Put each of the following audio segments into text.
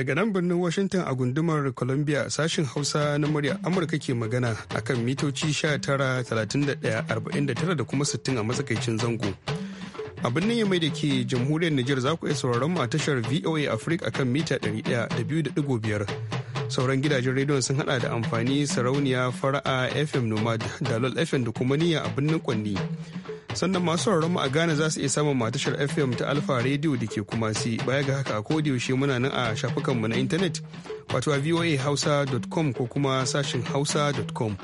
Daga nan birnin Washington a gundumar Columbia sashin Hausa na murya Amurka ke magana akan mitoci 19,31,49 da kuma 60 a matsakaicin zango. A birnin Yamai da ke jamhuriyar niger za ku iya sauraron mu a tashar VOA Africa akan mita 100.5. Sauran gidajen rediyon sun hada da amfani sarauniya fara'a FM Nomad, Dalol FM da kuma niyya a birnin Kwanni. sannan masu sauraron mu a Ghana za su iya samun matashar FM ta Alfa Radio da ke kuma si baya ga haka a yaushe muna nan a shafukanmu na intanet wato a voahausa.com ko kuma sashin hausa.com.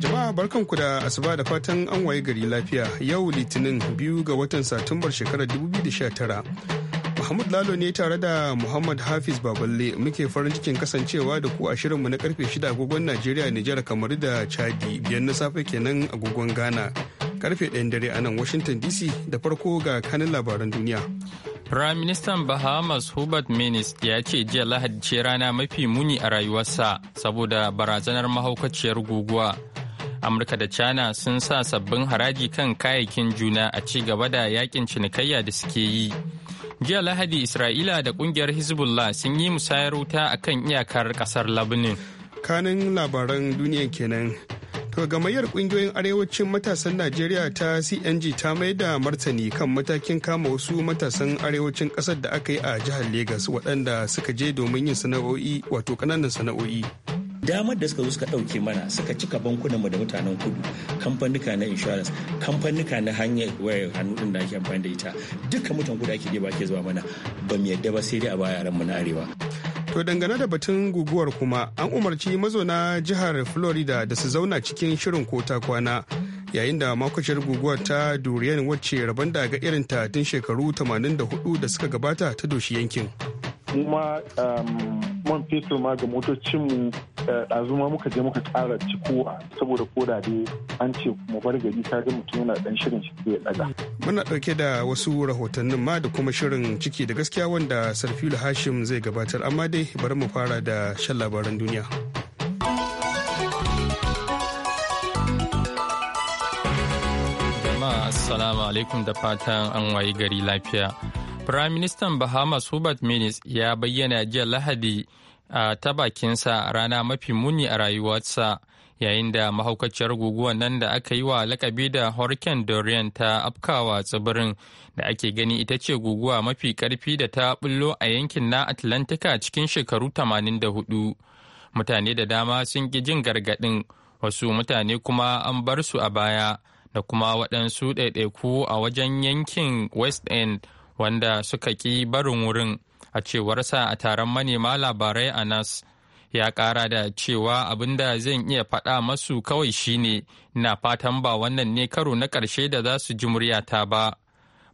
Jama'a barkanku da asuba da fatan an waye gari lafiya yau litinin biyu ga watan satumbar shekarar 2019. Mahmud Lalo ne tare da Muhammad Hafiz Baballe muke farin cikin kasancewa da ku a shirinmu na karfe 6 agogon Najeriya, Nijar, kamar da Chadi, biyan na safe kenan agogon Ghana. Karfe 1 dare a nan Washington DC da farko ga kanin labaran duniya. Prime Minister Bahamas Hubert Minis ya ce jiya Lahadi ce rana mafi muni a rayuwarsa saboda barazanar mahaukaciyar guguwa. Amurka da China sun sa sabbin haraji kan kayayyakin juna a ci gaba da yakin cinikayya da suke yi. jiya lahadi isra'ila da kungiyar hezbollah sun yi musayar wuta a kan iyakar kasar labanin kanin labaran duniya kenan to gamayyar kungiyoyin arewacin matasan najeriya ta cng ta mai da martani kan matakin kama wasu matasan arewacin kasar da aka yi a jihar Legas waɗanda suka je domin yin sana'o'i wato ƙananan sana'o'i damar da suka zo suka ɗauke mana suka cika bankunanmu da mutanen kudu kamfanuka na insurance kamfanuka na hanyar wayar hannu din da ake amfani da ita duka mutan kudu ake ba ke zuwa mana ba mu yadda ba sai dai a baya mu na arewa. To dangane da batun guguwar kuma an umarci mazauna jihar Florida da su zauna cikin shirin kota kwana yayin da makwacin guguwar ta duriyan wacce rabon da ga irin ta tun shekaru 84 da suka gabata ta doshi yankin. Kuma um, man fetur ma ga motocinmu eh, ɗazu ma muka je muka ƙara cikowa saboda koda dai an ce mu bar gari ga mutum yana ɗan shirin shi ya ɗaga. Muna ɗauke da wasu rahotannin ma da kuma shirin ciki da gaskiya wanda Sarfilu Hashim zai gabatar amma dai bari mu fara da shan labaran duniya. Jama'a Assalamu alaikum da fatan an wayi gari lafiya. Firaministan Bahamas Hubert Minis ya bayyana jiya Lahadi a ta bakinsa rana mafi muni a rayuwarsa yayin da mahaukaciyar guguwar nan da aka yi wa lakabi da Hurricane Dorian ta afkawa tsibirin da ake gani ita ce guguwa mafi karfi da ta bullo a yankin na Atlantika cikin shekaru 84. Mutane da dama sun ƙi jin gargaɗin, wasu mutane kuma an bar su a baya da kuma waɗansu ɗaiɗaiku a wajen yankin West End. wanda suka ƙi barin wurin a cewarsa a taron manema labarai a nas ya ƙara da cewa abinda zan iya faɗa masu kawai shine na fatan ba wannan ne karo na ƙarshe da za su ji muryata ba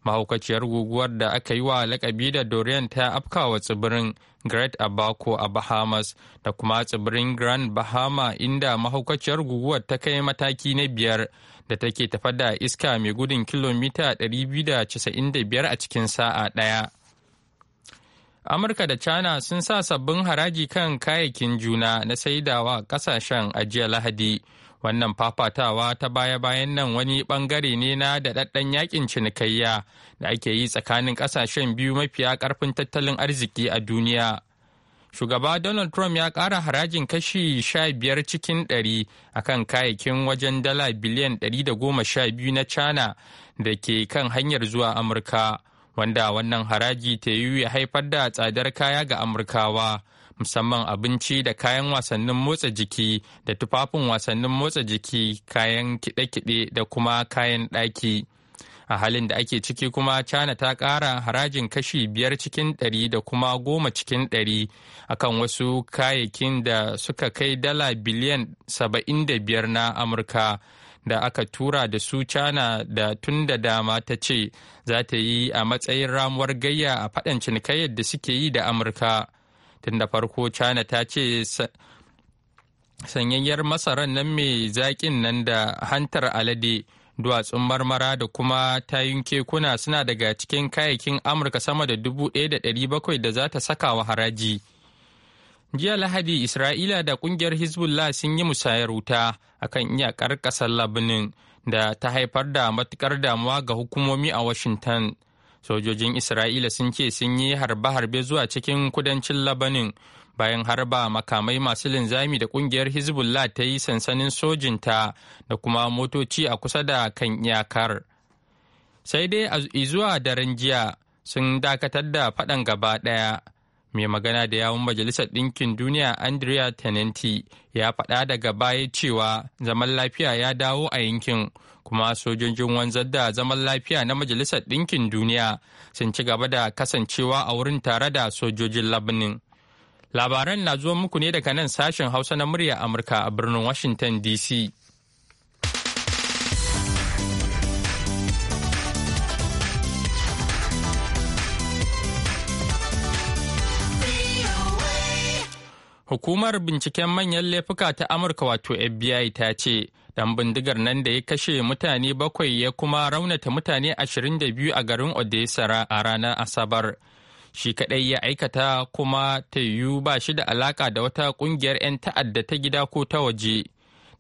mahaukaciyar guguwar da aka yi wa lakabi da dorian ta afkawa tsibirin great abaco a bahamas da kuma tsibirin grand bahama inda mahaukaciyar guguwar ta kai mataki na biyar da take tafar da iska mai gudun kilomita 295 a cikin sa'a ɗaya. Amurka da China sun sa sabbin haraji kan kayayyakin juna na saidawa kasashen ajiya Lahadi. Wannan fafatawa ta baya-bayan nan wani bangare ne na daɗaɗɗen yakin cinikayya da ake yi tsakanin ƙasashen biyu mafiya ƙarfin tattalin arziki a duniya. Shugaba Donald Trump ya ƙara harajin kashi sha biyar cikin ɗari a kan kayayyakin wajen dala biliyan ɗari da goma sha biyu na China da ke kan hanyar zuwa Amurka, wanda wannan haraji ta yi ya haifar da tsadar kaya ga Amurkawa. musamman abinci da kayan wasannin motsa jiki da tufafin wasannin motsa jiki kayan kide-kide da kuma kayan ɗaki. a halin da ake ciki kuma china ta kara harajin kashi biyar cikin ɗari da kuma goma cikin ɗari akan wasu kayayyakin da suka kai dala biliyan saba'in da biyar na amurka da aka tura da su china da tun da dama ta ce za ta yi a matsayin ramuwar gayya a faɗan cinikayyar da suke yi da amurka tun da farko china ta ce sanyayyar masarar nan mai zaƙin nan da hantar alade duwatsun marmara da kuma tayun kekuna suna daga cikin kayayyakin amurka sama da 1,700 da za ta saka wa haraji jiya lahadi isra'ila da kungiyar hezbollah sun yi musayar wuta akan iyakar kasar labinin da ta haifar da matukar damuwa ga hukumomi a washington sojojin isra'ila sun ce sun yi harbe-harbe zuwa cikin kudancin labanin bayan harba makamai masu linzami da kungiyar hezbollah ta yi sansanin sojinta da kuma motoci a kusa da kan iyakar sai dai a zuwa daren jiya sun dakatar da faɗan gaba ɗaya mai magana da yawun majalisar ɗinkin duniya andrea tenenti ya faɗa daga baya cewa zaman lafiya ya dawo a yankin kuma sojojin wanzar da zaman lafiya na majalisar ɗinkin duniya sun ci gaba da kasancewa a wurin tare da sojojin labanin Labaran na zuwa muku ne daga nan sashen Hausa na murya Amurka a birnin Washington DC. Hukumar binciken manyan laifuka ta Amurka wato FBI ta ce, dan bindigar nan da ya kashe mutane bakwai ya kuma raunata mutane 22 a garin Odessa a ranar Asabar shi kadai ya aikata kuma ta yiwu ba shi da alaka da wata kungiyar 'yan ta'adda ta gida ko ta waje.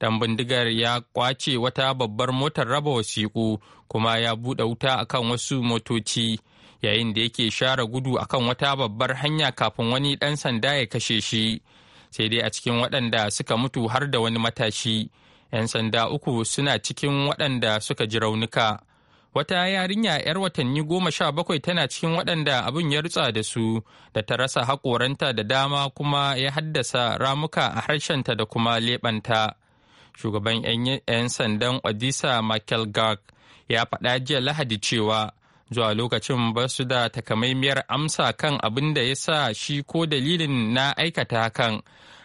Dan bindigar ya kwace wata babbar motar raba wasiƙu kuma ya buɗe wuta akan wasu motoci yayin da yake share gudu akan wata babbar hanya kafin wani ɗan sanda ya kashe shi. Sai dai a cikin waɗanda suka mutu har da wani matashi. 'Yan sanda uku suna cikin waɗanda suka ji raunuka. wata yarinya 'yar watanni goma sha bakwai tana cikin waɗanda abin ya rutsa da su da ta rasa haƙoranta da dama kuma ya haddasa ramuka a harshenta da kuma leɓanta shugaban 'yan sandan odisa michael gark ya faɗa jiya lahadi cewa zuwa lokacin ba su da takamaimiyar amsa kan abin da ya sa shi ko dalilin na aikata hakan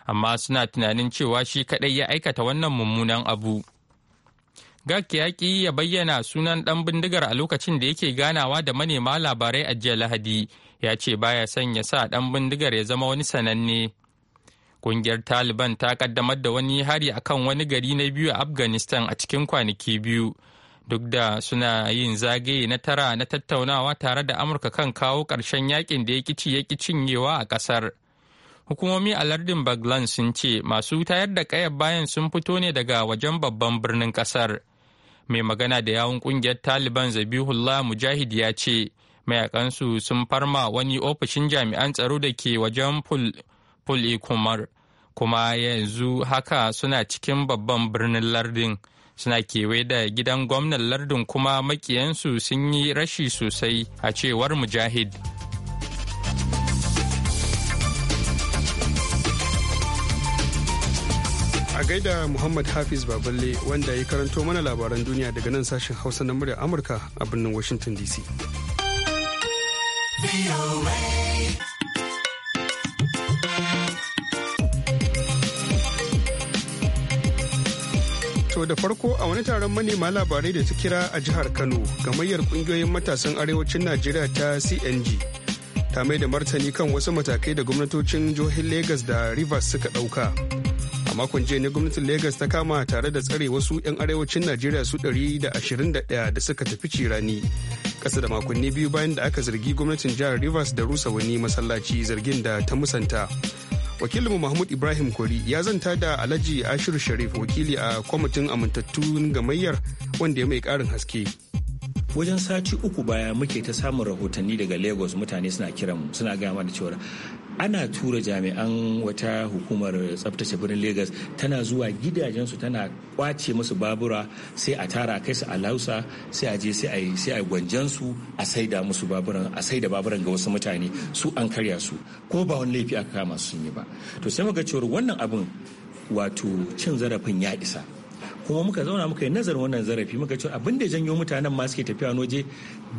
amma suna tunanin cewa shi kaɗai ya aikata wannan mummunan abu. gag ya ki ya bayyana sunan ɗan bindigar a lokacin da yake ganawa da manema labarai a jiya Lahadi, ya ce baya son ya sa ɗan bindigar ya zama wani sananne. ƙungiyar Taliban ta ƙaddamar da wani hari a kan wani gari na biyu a Afghanistan a cikin kwanaki biyu. Duk da suna yin zagaye na tara na tattaunawa tare da Amurka kan kawo ƙarshen yakin da ya kici ya ki cinyewa a ƙasar. hukumomi a lardin baglan sun ce masu tayar da ƙayar bayan sun fito ne daga wajen babban birnin ƙasar. mai magana da yawun kungiyar taliban zabihullah mujahid ya ce mayakansu sun farma wani ofishin jami'an tsaro da ke wajen pul kumar kuma yanzu haka suna cikin babban birnin lardin suna kewaye da gidan gwamnan lardin kuma makiyansu sun yi rashi sosai a cewar mujahid. A gaida Muhammad Hafiz Baballe wanda ya karanto mana labaran duniya daga nan sashen Hausa na murya Amurka a birnin Washington DC. To da farko a wani taron manema labarai da ta kira a jihar Kano, gamayyar kungiyoyin matasan arewacin Najeriya ta CNG ta mai da martani kan wasu matakai da gwamnatocin johin Legas da Rivers suka ɗauka. makon jiya ne gwamnatin Legas ta kama tare da tsare wasu 'yan arewacin najeriya su 121 da suka tafi cirani kasa da makonni biyu bayan da aka zargi gwamnatin jihar rivers da rusa wani masallaci zargin da ta musanta wakilinmu mahmud ibrahim kori ya zanta da alhaji ashiru sharif wakili a kwamitin amintattun gamayyar wanda ya mai ƙarin haske wajen sati uku baya muke ta samun rahotanni daga lagos mutane suna kiran suna gaya mana cewar ana tura jami'an wata hukumar tsabtace birnin lagos tana zuwa gidajensu tana kwace musu babura sai a tara kai su a lausa sai a je sai a yi sai a gwanjan su a saida musu baburan a saida baburan ga wasu mutane su an karya su ko ba wani laifi aka kama su yi ba to sai muga cewar wannan abin wato cin zarafin ya isa kuma muka zauna muka yi nazarin wannan zarafi muka ce abin da janyo mutanen ma suke tafiya waje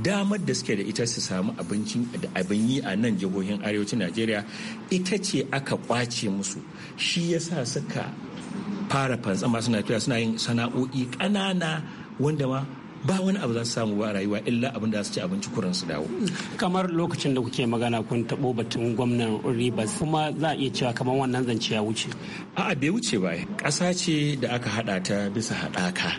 damar da suke da ita su samu abincin da abin yi a nan jihohin arewacin najeriya ita ce aka kwace musu shi yasa suka fara fantsama suna tafiya suna yin sana'o'i ƙanana wanda ma ba wani abu za su samu ba a rayuwa illa abin da su ci abinci kuran su dawo kamar lokacin da kuke magana kun taɓo batun gwamnan ribas kuma za a iya cewa kamar wannan zance ya wuce a'a bai wuce ba ƙasa ce da aka haɗa ta bisa haɗaka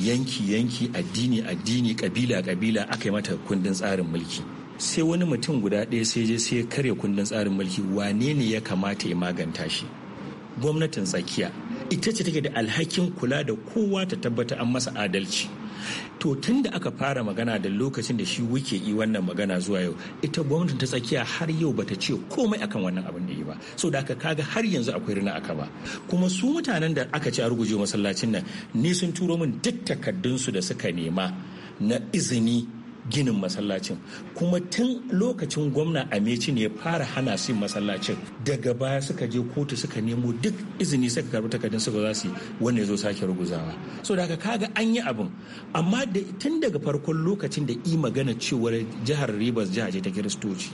yanki-yanki addini-addini kabila-kabila aka yi mata kundin tsarin mulki sai wani mutum guda ɗaya sai je sai karya kundin tsarin mulki wane ne ya kamata ya maganta shi gwamnatin tsakiya ita ce take da alhakin kula da kowa ta tabbata an masa adalci to tun da aka fara magana da lokacin da shi wuke yi wannan magana zuwa yau ita gwamnatin ta tsakiya har yau bata ce komai akan wannan abin da yi ba so da aka kaga har yanzu akwai rina aka ba kuma su mutanen da aka ci a ruguje masallacin nan ni sun turo min duk takardunsu da suka nema na izini ginin masallacin kuma tun lokacin gwamna meci ne ya fara hana su masallacin daga baya suka je kotu suka nemo duk izini suka karbi takardun suka za su wanda ya zo sake ruguzawa so daga kaga an yi abin amma tun daga farkon lokacin da i magana cewar jihar Ribas jiha ce ta kiristoci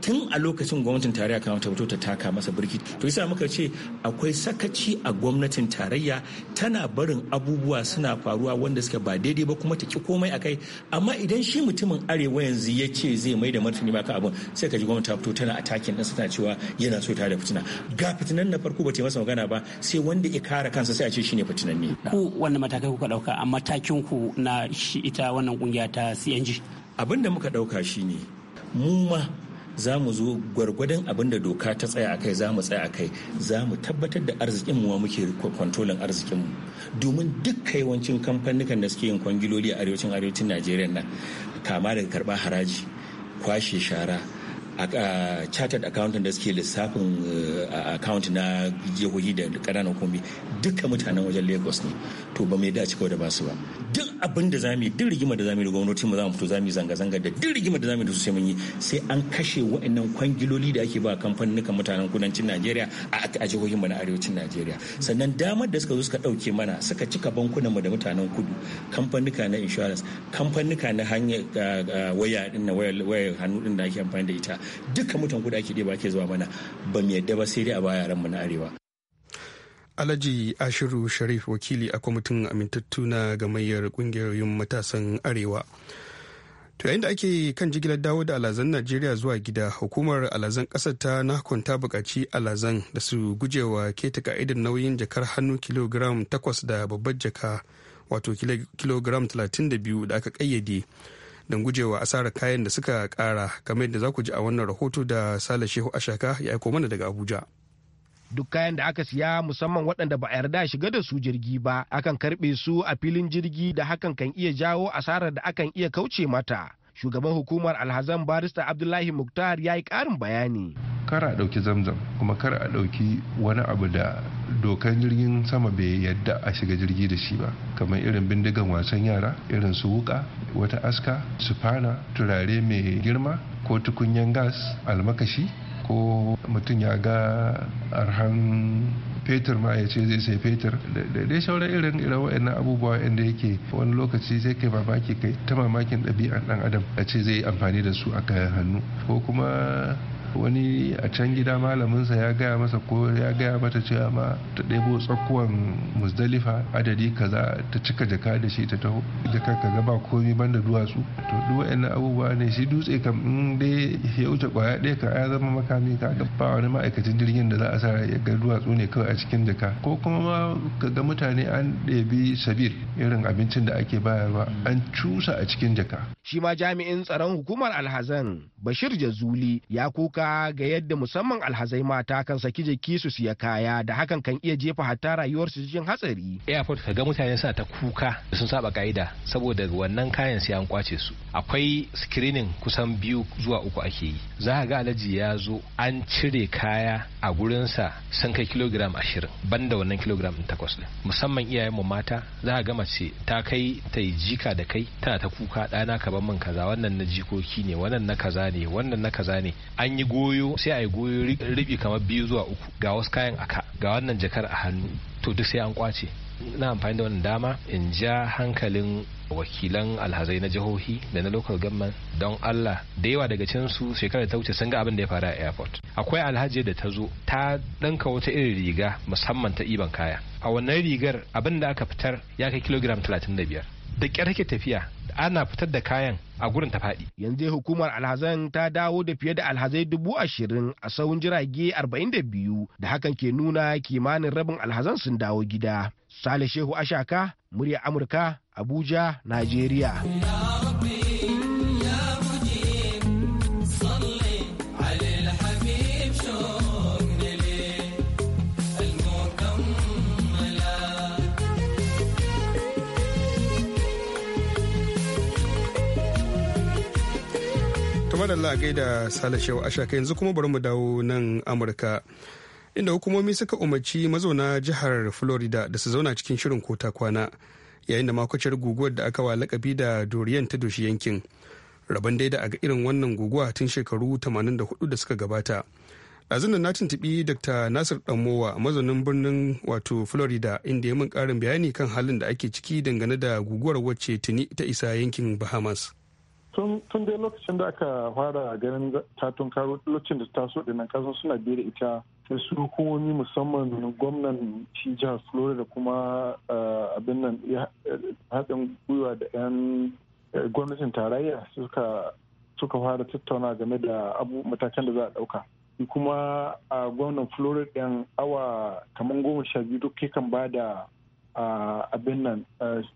tun a lokacin gwamnatin tarayya kan ta fito ta taka masa birki to yasa muka ce akwai sakaci a gwamnatin tarayya tana barin abubuwa suna faruwa wanda suka ba daidai ba kuma ta ki komai akai amma idan shi mutumin arewa yanzu ya ce zai mai da martani maka abin sai ka ji gwamnati ta fito tana atakin ɗansa tana cewa yana so ta da fitina ga fitinan na farko ba ta masa magana ba sai wanda ya kare kansa sai a ce shine fitinan ne ku wannan matakai kuka ɗauka a matakin ku na shi ita wannan kungiya ta CNG abin da muka ɗauka shine mu ma za mu zo gwargwadon abin da doka ta tsaya a kai za mu tsaya a kai za mu tabbatar da arzikin wa muke kwantolin arzikin mu domin duk yawancin kamfanikan da suke yin kwangiloli a arewacin arewacin najeriya na kama daga karba haraji kwashe shara a chartered accountant da suke lissafin eh, account na jihohi da ƙananan hukumi duka mutanen wajen lagos ne to ba mai dace kawai da basu ba duk abin da zami duk rigima da zami da gwamnati mu zamu fito zami zanga-zanga da duk rigima da zami da su sai mun yi sai an kashe wa'annan kwangiloli da ake ba kamfanin mutanen kudancin najeriya a jihohin mu na arewacin najeriya sannan damar da suka zo suka ɗauke mana suka cika bankunan mu da mutanen kudu ka na insurance ka na hanyar eh, eh, waya din na wayar hannu din da ake amfani da ita dukkan mutan guda ake ba ke zuwa mana ba mu yadda ba sai dai a baya mu na arewa Alhaji Ashiru Sharif wakili a kwamitin amintattu na gamayyar kungiyoyin matasan Arewa. To yayin da ake kan jigilar dawo da alazan Najeriya zuwa gida, hukumar alazan ƙasar ta nakon ta buƙaci alazan da su gujewa keta ka'idar nauyin jakar hannu kilogram takwas da babbar jaka wato kilogram talatin da aka ƙayyade. don gujewa asarar kayan da suka kara kamar yadda za ku ji a wannan rahoto da sale shehu ashaka ya aiko mana daga abuja duk kayan da aka siya musamman waɗanda ba a yarda shiga da su jirgi ba akan karɓe su a filin jirgi da hakan kan iya jawo asarar da akan iya kauce mata shugaban hukumar alhazan barista abdullahi muktar ya yi karin bayani kar a ɗauki zamzam kuma kar a ɗauki wani abu da dokan jirgin sama bai yadda a shiga jirgi da shi ba kamar irin bindigan wasan yara irin su wuka wata aska sufana turare mai girma ko tukunyen gas almakashi ko mutum ya ga arhan fetur ma ya ce zai sai fetur da dai shauran irin irin wa'annan abubuwa inda yake wani lokaci sai kai mamaki kai ta mamakin ɗabi'an ɗan adam a ce zai yi amfani da su a kayan hannu ko kuma wani a can gida malaminsa ya gaya masa ko ya gaya mata cewa ma ta ɗebo tsakuwan musdalifa adadi kaza ta cika jaka da shi ta taho jaka ka ba komi da duwatsu to duk wa'annan abubuwa ne shi dutse kam in dai ya wuce kwaya ɗaya ka ya zama makami ka ga ba wani ma'aikacin jirgin da za a sa ya ga duwatsu ne kawai a cikin jaka ko kuma ma ka ga mutane an ɗebi sabir irin abincin da ake bayarwa an cusa a cikin jaka shi ma jami'in tsaron hukumar alhazan bashir jazuli ya kuka ga yadda musamman alhazai mata kan saki jiki su siya kaya da hakan kan iya jefa hatta su cikin hatsari. Airport ka ga mutane suna ta kuka da sun saba ka'ida saboda wannan kayan sai an kwace su. Akwai screening kusan biyu zuwa uku ake yi. Za ga alaji ya zo an cire kaya a gurinsa sun kai kilogram ashirin banda wannan kilogram takwas ne. Musamman iyayenmu mata za ga mace ta kai ta yi jika da kai tana ta kuka ɗana ka ban min kaza wannan na jikoki ne wannan na kaza ne wannan na kaza ne an yi goyo sai a yi goyo ribi kamar biyu zuwa uku ga wasu kayan aka ga wannan jakar a hannu to duk sai an kwace na amfani da wannan dama in ja hankalin wakilan alhazai na jihohi da na local government don Allah da yawa daga can su shekara ta wuce sun ga abin da ya faru a airport akwai alhaji da ta zo ta danka wata irin riga musamman ta iban kaya a wannan rigar abin da aka fitar ya kai kilogram 35 da kyar take tafiya ana fitar da kayan a gurin ta faɗi. Yanzu hukumar alhazan ta dawo da fiye da alhazai dubu ashirin a sauran jirage arba'in da biyu da hakan ke nuna kimanin rabin alhazan sun dawo gida. Sale Shehu Ashaka, murya Amurka, Abuja, Najeriya. kamar Allah gaida Sale Shehu Ashaka yanzu kuma bari mu dawo nan Amurka inda hukumomi suka umarci mazauna jihar Florida da su zauna cikin shirin kota kwana yayin da makwacin guguwar da aka wa lakabi da Dorian ta doshi yankin. Rabon dai da aga irin wannan guguwa tun shekaru 84 da suka gabata. Ɗazun da na tuntubi Dr. Nasir Ɗanmowa mazaunin birnin wato Florida inda ya min karin bayani kan halin da ake ciki dangane da guguwar wacce tuni ta isa yankin Bahamas. tun dai lokacin da aka fara ganin tatun karo lokacin da ta so dinan kasan suna biye da ita da su hukumomi musamman gwamnan shi jihar florida kuma eh, abin nan haɗin gwiwa da 'yan eh, gwamnatin tarayya suka suka fara tattauna game da abu matakan da za a ɗauka kuma a gwamnan florida yan awa kamar goma sha biyu duk kan ba da abin nan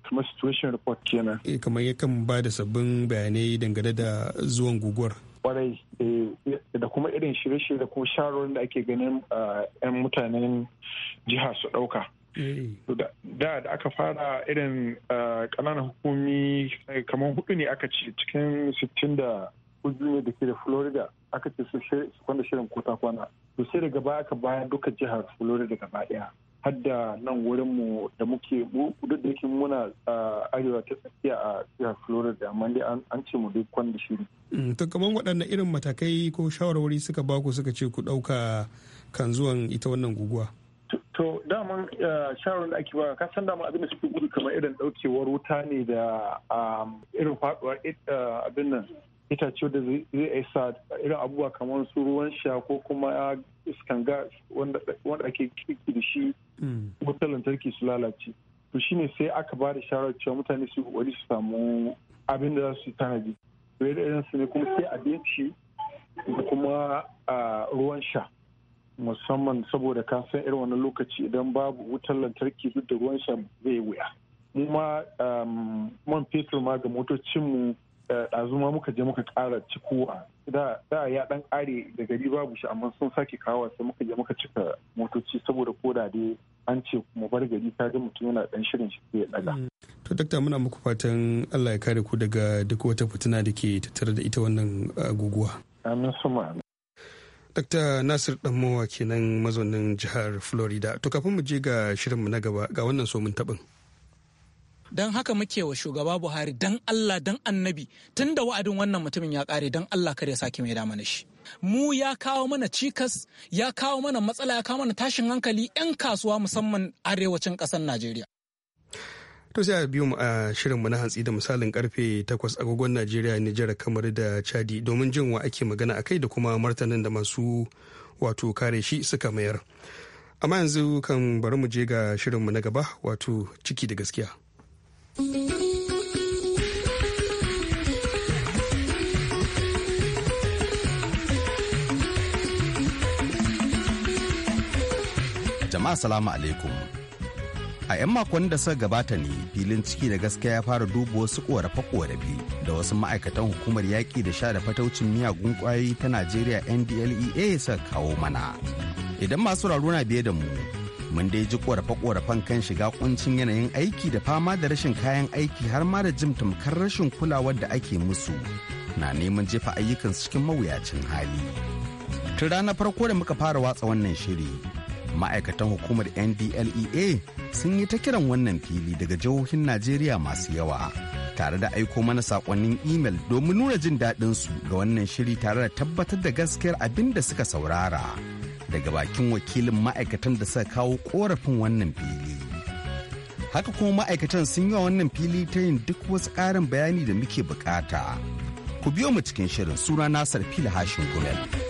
kamar situation report kenan. Eh kamar yakan ba da sabbin bayanai dangane da zuwan guguwar. Kwarai eh, da kuma irin shirye-shirye da kuma shawarwarin da ake ganin 'yan mutanen jiha su ɗauka. Eh. da da aka fara irin kananan hukumi eh, kamar hudu ne aka ce cikin sittin da ne da ke da florida aka ce su kwanda shirin kota kwana to sai daga baya aka bayan duka jihar florida gaba daya hadda nan wurinmu da muke duk da yake muna arewa ta tsakiya a jihar florida amma dai an ce mu duk kwan da shiri. Mm, to kaman waɗannan irin matakai ko shawarwari suka baku suka ce ku ɗauka kan zuwan ita wannan guguwa. to daman shawarar da ake ba ka san daman abin da suke gudu kamar irin ɗaukewar wuta ne da irin faɗuwar abin nan itace da zai sa irin abubuwa kamar su ruwan sha ko kuma iskan gas wanda ake kiki da shi wutar lantarki su lalace to shine sai aka ba da shawarar cewa mutane su kokari su samu abin da za su tanadi to irin su ne kuma sai abinci da kuma ruwan sha musamman saboda ka san irin wannan lokaci idan babu wutar lantarki duk da ruwan sha zai wuya mu ma man fetur ma ga motocinmu mu eh, muka je muka ƙara cikowa da ya ɗan kare da gari babu shi amma sun sake kawo sai muka je muka cika motoci saboda koda dai an ce kuma bar gari ta ga mutum yana dan shirin shi ya daga. Mm. To dakta muna muku fatan Allah ya kare ku daga duk wata fitina da ke tattare da ita wannan guguwa. Amin suma. Dakta Nasir Danmowa kenan mazaunin jihar Florida. To kafin mu je ga shirinmu na gaba ga wannan somin taɓin. don haka muke wa shugaba buhari don allah don annabi tun da wa'adin wannan mutumin ya kare don allah kar ya sake mai da mana shi mu ya kawo mana cikas ya kawo mana matsala ya kawo mana tashin hankali 'yan kasuwa musamman arewacin kasar najeriya to sai a biyu mu a shirinmu na hantsi da misalin karfe 8 agogon najeriya nijar kamar da chadi domin jin wa ake magana akai da kuma martanin da masu wato kare shi suka mayar amma yanzu kan bari mu je ga shirin mu na gaba wato ciki da gaskiya Jama'a salamu alaikum. A 'yan makon da suka gabata ne filin ciki da gaskiya ya fara duba wasu korafe-korafe da wasu ma'aikatan hukumar yaƙi da sha da fataucin miyagun ƙwayoyi ta Najeriya NDLEA suka kawo mana. Idan masu na biye da mu mun dai ji korafe-korafen kan shiga kuncin yanayin aiki da fama da rashin kayan aiki har ma da jim tamkar rashin kulawar da ake musu na neman jefa ayyukansu cikin mawuyacin hali tun rana farko da muka fara watsa wannan shiri ma'aikatan hukumar ndlea sun yi ta kiran wannan fili daga jihohin najeriya masu yawa tare da aiko mana saƙonnin imel domin nuna jin su ga wannan shiri tare da tabbatar da gaskiyar abin da suka saurara daga bakin wakilin ma'aikatan da suka kawo korafin wannan fili haka kuma ma'aikatan sun yi wa wannan fili ta yin duk wasu ƙarin bayani da muke bukata ku biyo mu cikin shirin suna nasar fili hashin gumel.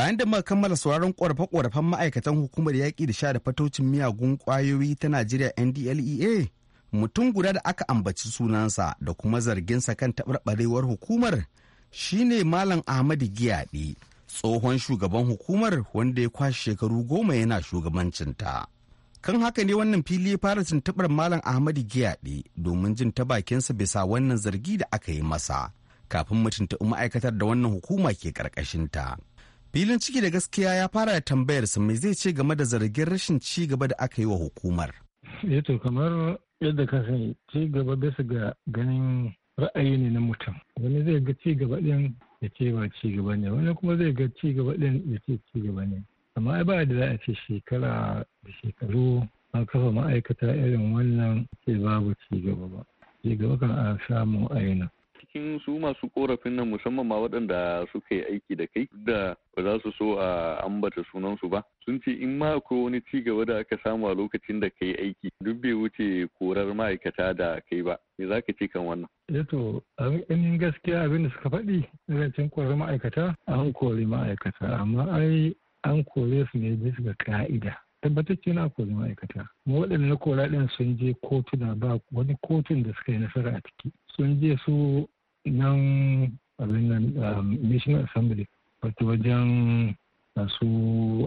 bayan da muka kammala sauraron ƙorafe-ƙorafen ma'aikatan hukumar yaƙi da sha da fatocin miyagun ƙwayoyi ta najeriya ndlea mutum guda da aka ambaci sunansa da kuma zarginsa kan taɓarɓarewar hukumar shine malam ahmadu giyaɗe tsohon shugaban hukumar wanda ya kwashe shekaru goma yana shugabancinta kan haka ne wannan fili ya fara tuntuɓar malam ahmadu giyaɗe domin jin ta bakinsa bisa wannan zargi da aka yi masa kafin mutunta ma'aikatar da wannan hukuma ke ƙarƙashinta. ta filin ciki da gaskiya ya fara da tambayar sa mai zai ce game da zargin rashin ci gaba da aka yi wa hukumar eh to kamar yadda ka sani ci gaba bisa ga ganin ra'ayi ne na mutum wani zai ga ci gaba din ya ce ba ci gaba ne wani kuma zai ga ci gaba din ya ce ci gaba ne amma ai ba da za a ce shekara da shekaru an kafa ma'aikata irin wannan ce babu ci gaba ba ci gaba kan a samu aina cikin su masu korafin nan musamman ma waɗanda suka yi aiki da kai da ba za su so a ambata sunansu ba sun ce in ma akwai wani ci gaba da aka samu a lokacin da ka aiki duk bai wuce korar ma'aikata da kai ba me za ka ce kan wannan. Eh to abin gaskiya abin da suka faɗi zancen korar ma'aikata an kori ma'aikata amma ai an kore su ne bisa ga ka'ida. tabbatacce na kori ma'aikata waɗanda na kora ɗin sun je kotuna ba wani kotun da suka yi nasara a ciki sun je su nan abin nan um, national assembly wato wajen masu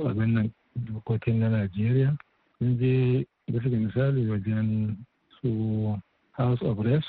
uh, abin nan dokokin na najeriya sun je bisa misali wajen su house of reps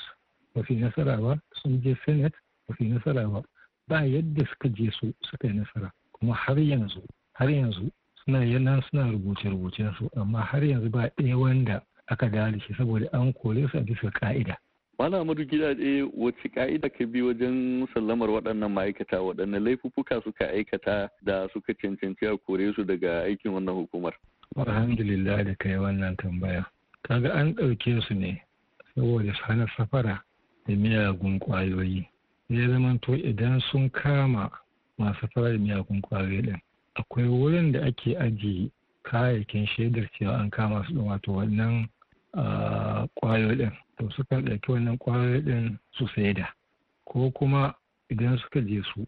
wafi nasara ba sun je senate wafi nasara ba ba yadda suka je su suka yi nasara kuma har yanzu har yanzu suna yana suna rubuce-rubucen su amma har yanzu ba ɗaya wanda aka dalishi saboda an kore su a bisa ka'ida Malam Amadu Gidaɗe wace ka'ida ka bi wajen sallamar waɗannan ma'aikata waɗanne laifuka suka aikata da suka cancanci a kore su daga aikin wannan hukumar? Alhamdulillah da kai wannan tambaya. Kaga an ɗauke su ne saboda hana safara da miyagun ƙwayoyi. Ya zamanto idan sun kama masu fara da miyagun ƙwayoyi ɗin. Akwai wurin da ake ajiye kayayyakin shaidar cewa an kama su wato wannan ah, ƙwayoyi ɗin. to sukan ɗauki wannan ƙwayoyi ɗin su saida ko kuma idan suka je su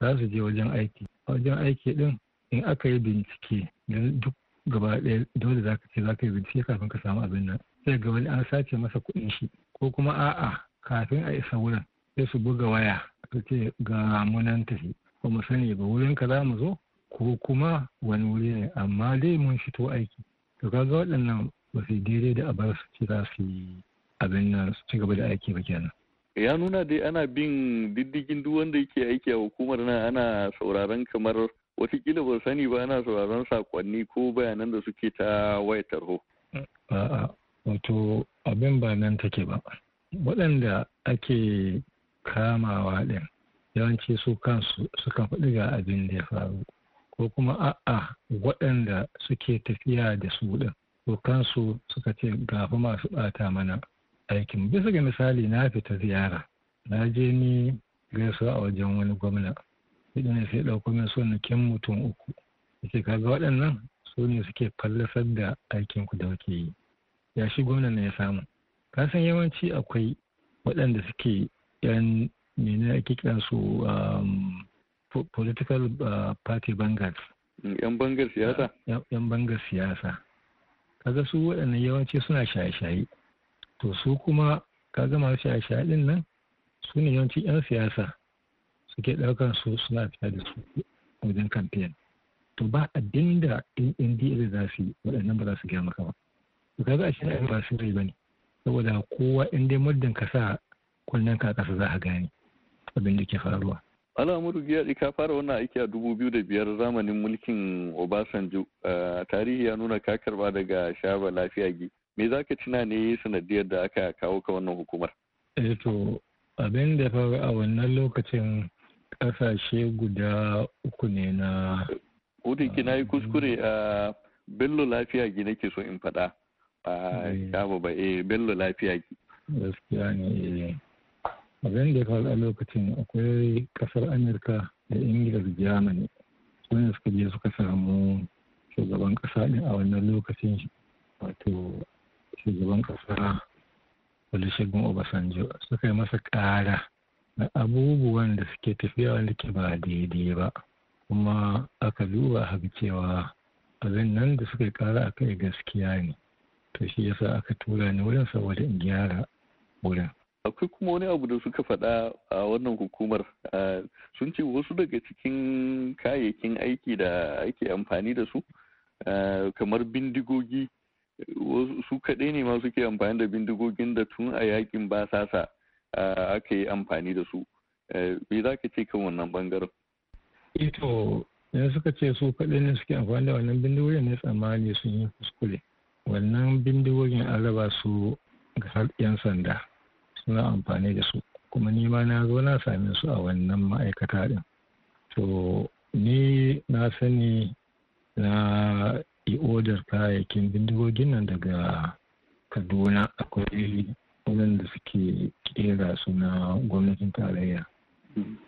za su je wajen aiki wajen aiki ɗin in aka yi bincike don duk gaba ɗaya dole za ka ce za ka yi bincike kafin ka samu abin nan sai ga wani an sace masa kuɗin shi ko kuma a'a kafin a isa wurin sai su buga waya su ce ga munan tafi ba mu sani ba wurin ka za mu zo ko kuma wani wuri ne amma dai mun fito aiki to kaga waɗannan ba su daidai da a bar su ce za su yi abin ci gaba da aiki ba kenan ya nuna dai ana bin diddigin duk wanda yake aiki a hukumar nan ana sauraron kamar watakila ba sani ba ana sauraron sakonni ko bayanan da suke ta waye tarho a'a wato abin ba nan take ba waɗanda ake kamawa ɗin yawanci su kansu suka faɗi ga abin da ya faru ko kuma a'a waɗanda suke tafiya da su ɗin ko kansu suka ce gafi masu ɓata mana aikin bisa ga misali na fita ziyara na je ni gaisuwa a wajen wani gwamna ne sai ɗauko min kin mutum uku yace kaga waɗannan su ne suke fallasar da aikin ku da kuke yi ya shi gwamna ne ya samu ka san yawanci akwai waɗanda suke yan mene ake kiran su um, political uh, party bangers yan bangar siyasa yan bangar siyasa kaga su waɗannan yawanci suna shaye-shaye to su kuma ka gama shaye-shaye shaɗin nan su ne yawanci 'yan siyasa suke ɗaukar su suna fita da su wajen kamfiyan to ba abin da NDA za su yi waɗannan ba za su gaya kama to ka kaga a ai ba su rai ba ne saboda kowa in dai muddin ka sa kunnen ka kasa za a gane abin da ke faruwa Al'amuru Giyadi ka fara wannan aiki a dubu biyu da biyar zamanin mulkin Obasanjo ah, tarihi ya nuna ka karba daga Shaba Lafiya Gi me za ka tuna ne sanadiyar da aka kawo ka wannan hukumar Eto, eh, to abin da faru a wannan lokacin kasashe guda uku ne na ki na yi kuskure a ah, ah, bello lafiya gi nake so in faɗa a ah, shabu eh. ba eh bello lafiya gi gaskiya ne eh. abin da ya faru a lokacin akwai kasar amurka da ingila da germany wanda suka je suka samu shugaban kasa ne a wannan lokacin wato shugaban ƙasa Olusegun Obasanjo suka yi masa ƙara na abubuwan da suke tafiya wanda ke ba daidai ba kuma aka duba haka cewa abin nan da suka yi ƙara a kai gaskiya ne to shi yasa aka tura ni wurin saboda in gyara wurin akwai kuma wani abu da suka faɗa a wannan hukumar sun ce wasu daga cikin kayayyakin aiki da ake amfani da su kamar bindigogi su kaɗai ne ma suke amfani da bindigogin da tun a yakin ba sasa aka yi amfani da su eh, me za ka ce kan wannan bangaren ito eh ne suka ce su kaɗai ne suke amfani da wannan bindigogin ne tsammani sun yi kuskure wannan bindigogin an raba su ga yan sanda suna amfani da su kuma ni ma na zo na same su a wannan ma'aikata din to ni na sani na yi odar kayayyakin bindigogin nan daga kaduna akwai waɗanda suke kera suna gwamnatin tarayya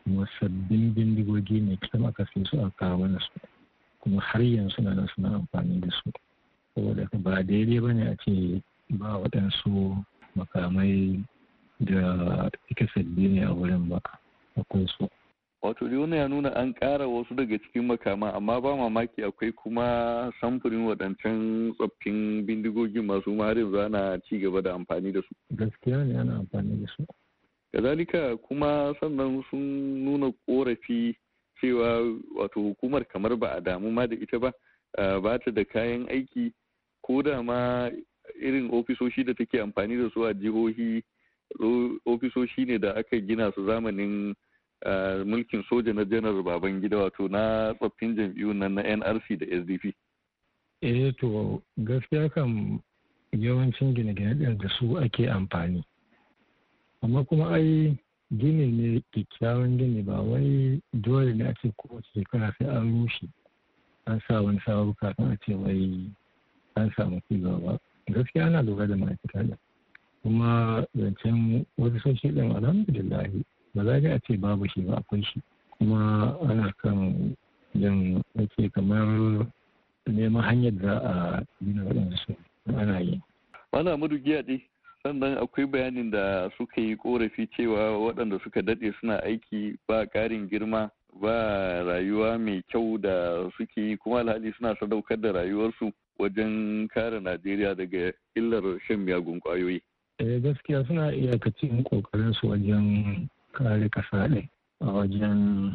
kuma sabbin bindigogi ne kiran aka fi su a kawo su kuma har yanzu na suna amfani da su saboda ba daidai ba ne a ce ba waɗansu makamai da ike sabbi ne a wurin ba akwai su wato dai wannan ya nuna an kara wasu daga cikin makama amma ba mamaki akwai kuma samfurin wadancan tsoffin bindigogin masu marin ana ci gaba da amfani da su gaskiya ne ana amfani da su kazalika kuma sannan sun nuna korafi cewa wato hukumar kamar ba a damu ma da ita ba ba ta da kayan aiki ko da ma irin ofisoshi da take amfani da su a jihohi ofisoshi ne da aka gina su zamanin mulkin soja na janar baban gida wato na tsoffin jam'iyyu nan na nrc da sdp eh to gaskiya kam yawancin gine-gine ɗin da su ake amfani amma kuma ai gini ne kyakkyawan gini ba wai dole ne a ce kowace shekara sai an rushe an sa wani sabon kafin a ce wai an samu cigaba ba gaskiya ana lura da ma'aikata da kuma zancen wasu soshi ɗin alhamdulillah ba za ga a ce babu shi ba akwai shi kuma ana kan yin ake kamar neman hanyar da a gina waɗansu ana yi. Ana madugiya ɗi sannan akwai bayanin da suka yi korafi cewa waɗanda suka daɗe suna aiki ba ƙarin girma ba rayuwa mai kyau da suke yi kuma alhali suna sadaukar da rayuwarsu wajen kare Najeriya daga illar shan miyagun ƙwayoyi. Eh, gaskiya suna iyakacin su wajen kare kasa ɗin a wajen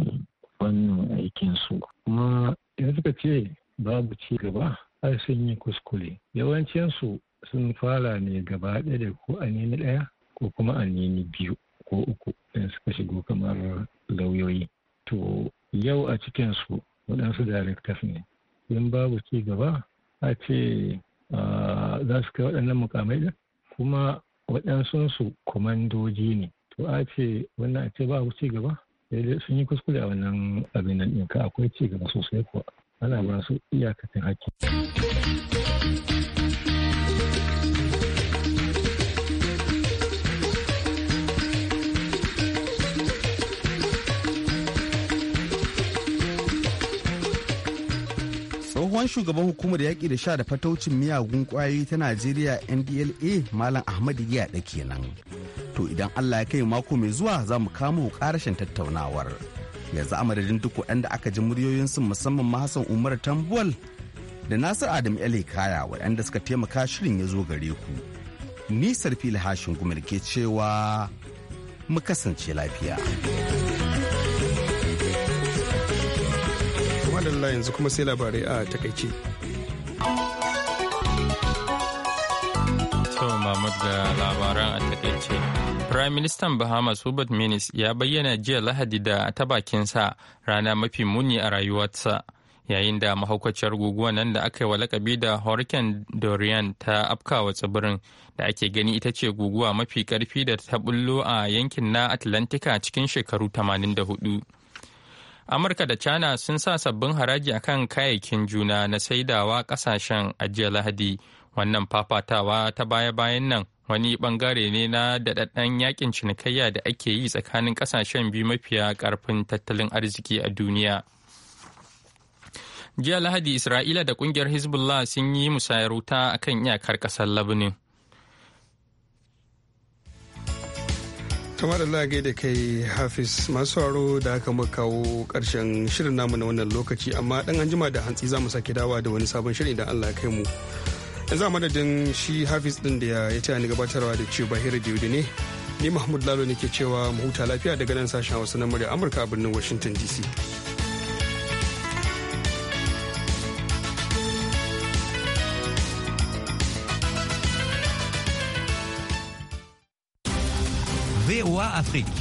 wannan aikin su kuma in suka ce babu ci gaba har sun yi kuskure yawancinsu sun fara ne gaba ɗaya da ko nini ɗaya ko kuma a nini biyu ko uku in suka shigo kamar lauyoyi to yau a cikinsu waɗansu directors ne in babu ci gaba a ce za su kai waɗannan mukamai ɗin kuma su kwamandoji ne a ce wannan a ce ba ci gaba sun yi kuskure a wannan abin nan ɗinka akwai ci gaba sosai kuwa ana ba su iyakacin hakki. tsohon shugaban hukumar yaƙi da sha da fataucin miyagun kwayoyi ta najeriya ndla malam ahmad da kenan to idan allah ya kai mako mai zuwa za mu kamo ƙarashin tattaunawar yanzu amadadin duk waɗanda aka ji muryoyin muryoyinsu musamman ma hassan umar tambuwal da nasir adam ele kaya waɗanda suka taimaka shirin ya zo gare ku ni sarfi Lahashin gumar ke cewa mu kasance lafiya. madalla yanzu kuma sai labarai a takaice. labaran a takaice. Prime Minister Bahamas Hubert Minis ya bayyana jiya Lahadi da ta sa rana mafi muni a rayuwarsa. Yayin da mahaukaciyar guguwa nan da aka yi wa lakabi da Hurricane Dorian ta afkawa tsibirin da ake gani ita ce guguwa mafi karfi da ta bullo a yankin na Atlantika cikin shekaru 84. amurka da china sun sa sabbin haraji akan kayayyakin juna na saidawa kasashen ajiyar lahadi wannan fafatawa ta baya-bayan nan wani bangare ne na daɗaɗɗen yakin cinikayya da ake yi tsakanin ƙasashen biyu mafiya ƙarfin tattalin arziki a duniya jiya lahadi isra'ila da ƙungiyar hezbollah sun yi musayar wuta akan iyakar ƙasar labanin kamar Allah da kai hafiz masu haro da aka muka kawo karshen shirin namu na wannan lokaci amma dan an jima da hantsi za mu sake dawa da wani sabon shirin da Allah ya kai mu yanzu a madadin shi hafiz din da ya ta ni gabatarwa da ce bahira diudi ne ni mahmud lalo ne ke cewa mu huta lafiya daga nan sashen hausa na murya amurka a birnin washington dc VOA Afrique.